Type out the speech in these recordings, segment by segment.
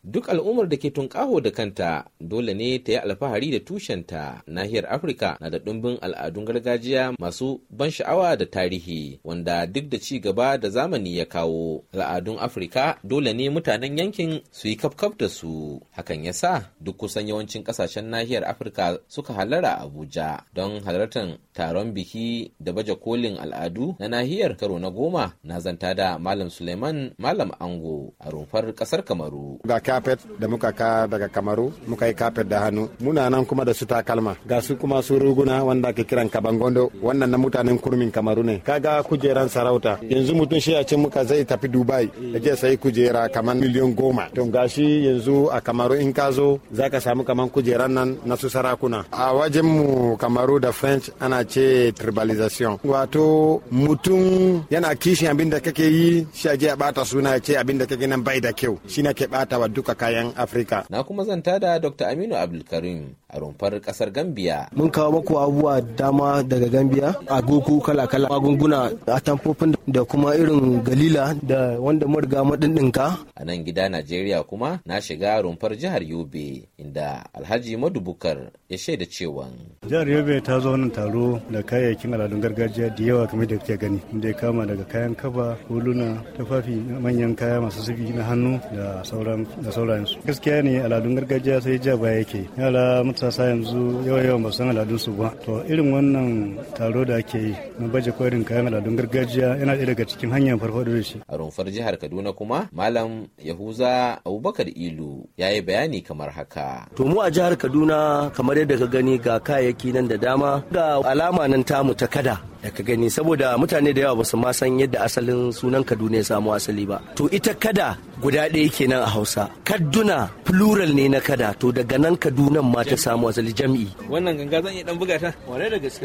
Duk al'ummar da ke tunƙaho da kanta dole ne ta yi alfahari da tushenta nahiyar Afirka na da ɗumbin al'adun gargajiya masu ban sha'awa da tarihi wanda duk da ci gaba da zamani ya kawo al'adun Afirka dole ne mutanen yankin su yi kafkaf da su. Hakan ya sa duk kusan yawancin ƙasashen nahiyar Afirka suka halara Abuja don halartar taron biki da baje kolin al'adu na nahiyar karo na goma na zanta da Malam Suleiman Malam Ango a rumfar ƙasar Kamaru. carpet da muka ka daga kamaru muka yi carpet da hannu muna nan kuma da su takalma ga su kuma su ruguna wanda ake kiran kabangondo wannan na mutanen kurmin kamaru ne kaga kujeran sarauta yanzu mutum shi a ce muka zai tafi dubai da je sai kujera kamar miliyan goma to gashi yanzu a kamaru in ka zo za ka samu kamar kujeran nan na su sarakuna a wajen mu kamaru da french ana ce tribalization wato mutum yana kishin abin da kake yi shi a je a bata suna ya ce abin da kake nan bai da kyau shi na ke bata wa duk duka kayan afirka na kuma zanta da dr aminu abdulkarim a rumfar kasar gambia mun kawo maku abubuwa dama daga gambia agogo kala-kala magunguna tamfofin da kuma irin galila da wanda mun riga madindinka a nan gida najeriya kuma na shiga rumfar jihar yobe inda alhaji madubukar ya shaida cewa jihar yobe ta zo nan taro da kayayyakin al'adun gargajiya da yawa kamar da kake gani da kama daga kayan kaba huluna tafafi manyan kaya masu zubi na hannu da sauran da sauransu gaskiya ne aladun gargajiya sai ja baya yake yara matasa yanzu yawa yawan ba san aladun su ba to irin wannan taro da ake yi na baje kwarin kayan aladun gargajiya yana ɗaya daga cikin hanyar farfaɗo da shi a rumfar jihar kaduna kuma malam yahuza abubakar ilu ya yi bayani kamar haka to mu a jihar kaduna kamar yadda ka gani ga kayayyaki nan da dama ga alama nan tamu ta kada da ka gani saboda mutane da yawa ba su ma san yadda asalin sunan kaduna ya samu asali ba to ita kada guda ɗaya kenan a hausa kadduna plural ne na kada to daga nan kadunan ma ta samu asali jam'i wannan ganga zan iya dan buga ta da gaske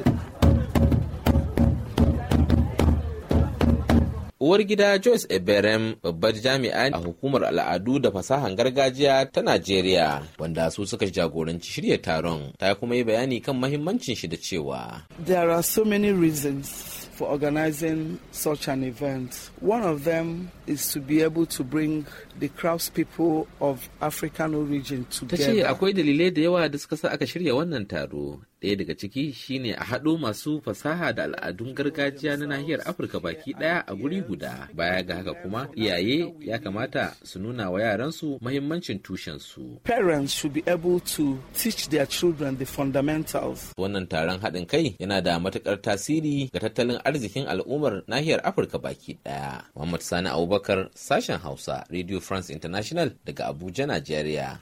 uwar gida joyce eberem babbar jami'a a hukumar al'adu da fasahan gargajiya ta najeriya wanda su suka jagoranci shirya taron ta kuma yi bayani kan mahimmancin shi da cewa there are so many reasons for organizing such an event. One of them is to be able to bring the people of African origin together. Ta ce akwai dalilai da yawa da suka sa aka shirya wannan taro. Ɗaya daga ciki shine a haɗo masu fasaha da al'adun gargajiya na nahiyar Afirka baki ɗaya a guri guda. Baya ga haka kuma iyaye ya kamata su nuna wa yaransu mahimmancin tushensu. Parents should be able to teach their children the fundamentals. Wannan taron haɗin kai yana da matuƙar tasiri ga tattalin arzikin al'ummar nahiyar Afirka baki ɗaya. Muhammad Sani Abubakar sashen Hausa Radio France International daga Abuja, Najeriya.